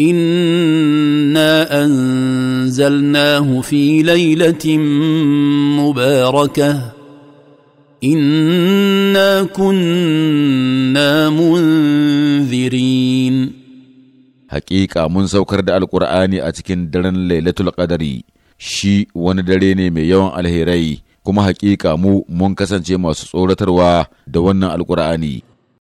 انا انزلناه في ليله مباركه انا كنا منذرين حقيقه mun saukar da Alƙur'ani a cikin daren lailatul qadari shi wani dare ne mai yawan alherai kuma haƙiƙa mu mun kasance masu tsoratarwa da wannan Alƙur'ani.